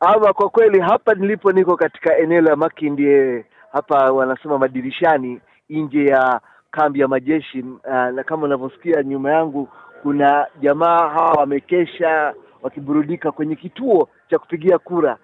ama kwa kweli hapa nilipo niko katika eneo la Makindye, hapa wanasema madirishani, nje ya kambi ya majeshi ah, na kama unavyosikia nyuma yangu kuna jamaa hawa wamekesha wakiburudika kwenye kituo cha kupigia kura.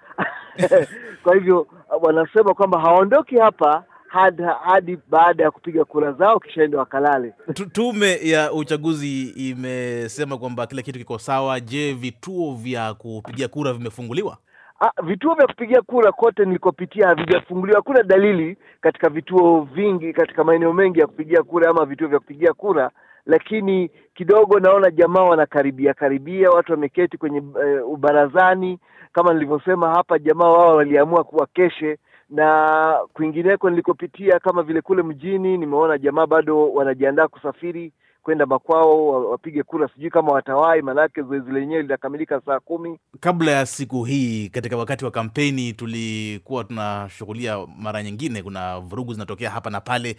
Kwa hivyo ah, wanasema kwamba hawaondoki hapa hadi hadi baada ya kupiga kura zao, kisha wakalale. Tume ya uchaguzi imesema kwamba kila kitu kiko sawa. Je, vituo vya kupigia kura vimefunguliwa? Ah, vituo vya kupigia kura kote nilikopitia havijafunguliwa. Hakuna dalili katika vituo vingi, katika maeneo mengi ya kupigia kura ama vituo vya kupigia kura, lakini kidogo naona jamaa wanakaribia karibia, watu wameketi kwenye e, ubarazani. Kama nilivyosema hapa, jamaa wao waliamua kuwa keshe, na kwingineko nilikopitia kama vile kule mjini, nimeona jamaa bado wanajiandaa kusafiri kwenda makwao wapige kura, sijui kama watawai maanake zoezi lenyewe litakamilika saa kumi. Kabla ya siku hii, katika wakati wa kampeni tulikuwa tunashughulia, mara nyingine kuna vurugu zinatokea hapa na pale,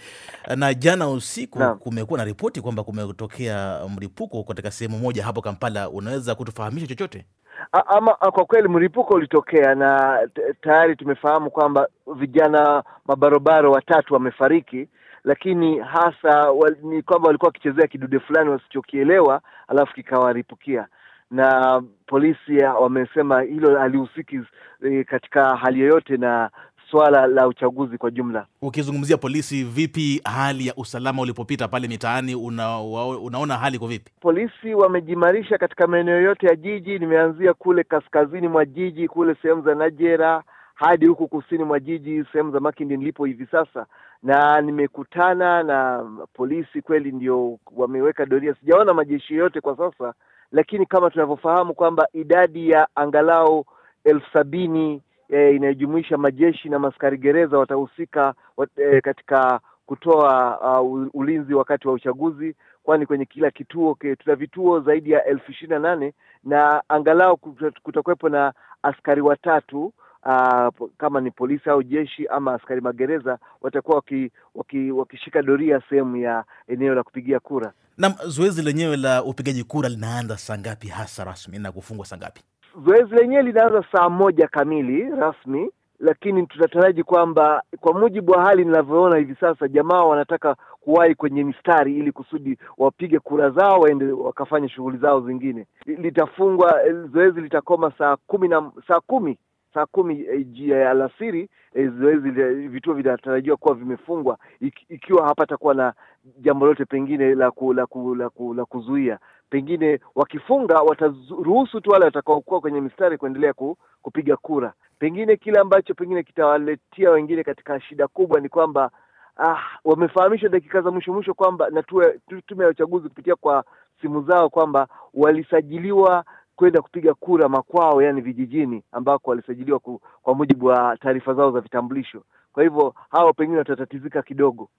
na jana usiku na kumekuwa na ripoti kwamba kumetokea mlipuko katika sehemu moja hapo Kampala. Unaweza kutufahamisha chochote? Ama kwa kweli mlipuko ulitokea na tayari tumefahamu kwamba vijana mabarobaro watatu wamefariki lakini hasa wal, ni kwamba walikuwa wakichezea kidude fulani wasichokielewa, alafu kikawaripukia na polisi wamesema hilo alihusiki e, katika hali yoyote na swala la uchaguzi kwa jumla. Ukizungumzia polisi, vipi hali ya usalama ulipopita pale mitaani, una, unaona hali ko vipi? Polisi wamejimarisha katika maeneo yote ya jiji. Nimeanzia kule kaskazini mwa jiji kule sehemu za Najera hadi huku kusini mwa jiji sehemu za Makindi nilipo hivi sasa, na nimekutana na polisi kweli, ndio wameweka doria. Sijaona majeshi yoyote kwa sasa, lakini kama tunavyofahamu kwamba idadi ya angalau elfu sabini e, inayojumuisha majeshi na maskari gereza watahusika wat, e, katika kutoa uh, ulinzi wakati wa uchaguzi, kwani kwenye kila kituo tuna vituo zaidi ya elfu ishirini na nane na angalau kutakuwepo na askari watatu uh, kama ni polisi au jeshi ama askari magereza watakuwa waki, waki, wakishika doria sehemu ya eneo la kupigia kura. Na zoezi lenyewe la upigaji kura linaanza saa ngapi hasa rasmi na kufungwa saa ngapi? Zoezi lenyewe linaanza saa moja kamili rasmi, lakini tunataraji kwamba kwa mujibu wa hali ninavyoona hivi sasa, jamaa wanataka kuwahi kwenye mistari ili kusudi wapige kura zao waende wakafanye shughuli zao zingine. Litafungwa, eh, zoezi litakoma saa kumi na saa kumi saa kumi ya eh, eh, alasiri eh, zoezi vituo vinatarajiwa kuwa vimefungwa, ikiwa hapatakuwa na jambo lote pengine la, ku, la, ku, la, ku, la kuzuia. Pengine wakifunga wataruhusu tu wale watakaokuwa kwenye mistari kuendelea ku, kupiga kura. Pengine kile ambacho pengine kitawaletia wengine katika shida kubwa ni kwamba ah, wamefahamishwa dakika za mwisho mwisho kwamba na tume ya uchaguzi kupitia kwa simu zao kwamba walisajiliwa kwenda kupiga kura makwao, yani vijijini ambako walisajiliwa kwa mujibu wa taarifa zao za vitambulisho. Kwa hivyo hao pengine watatatizika kidogo.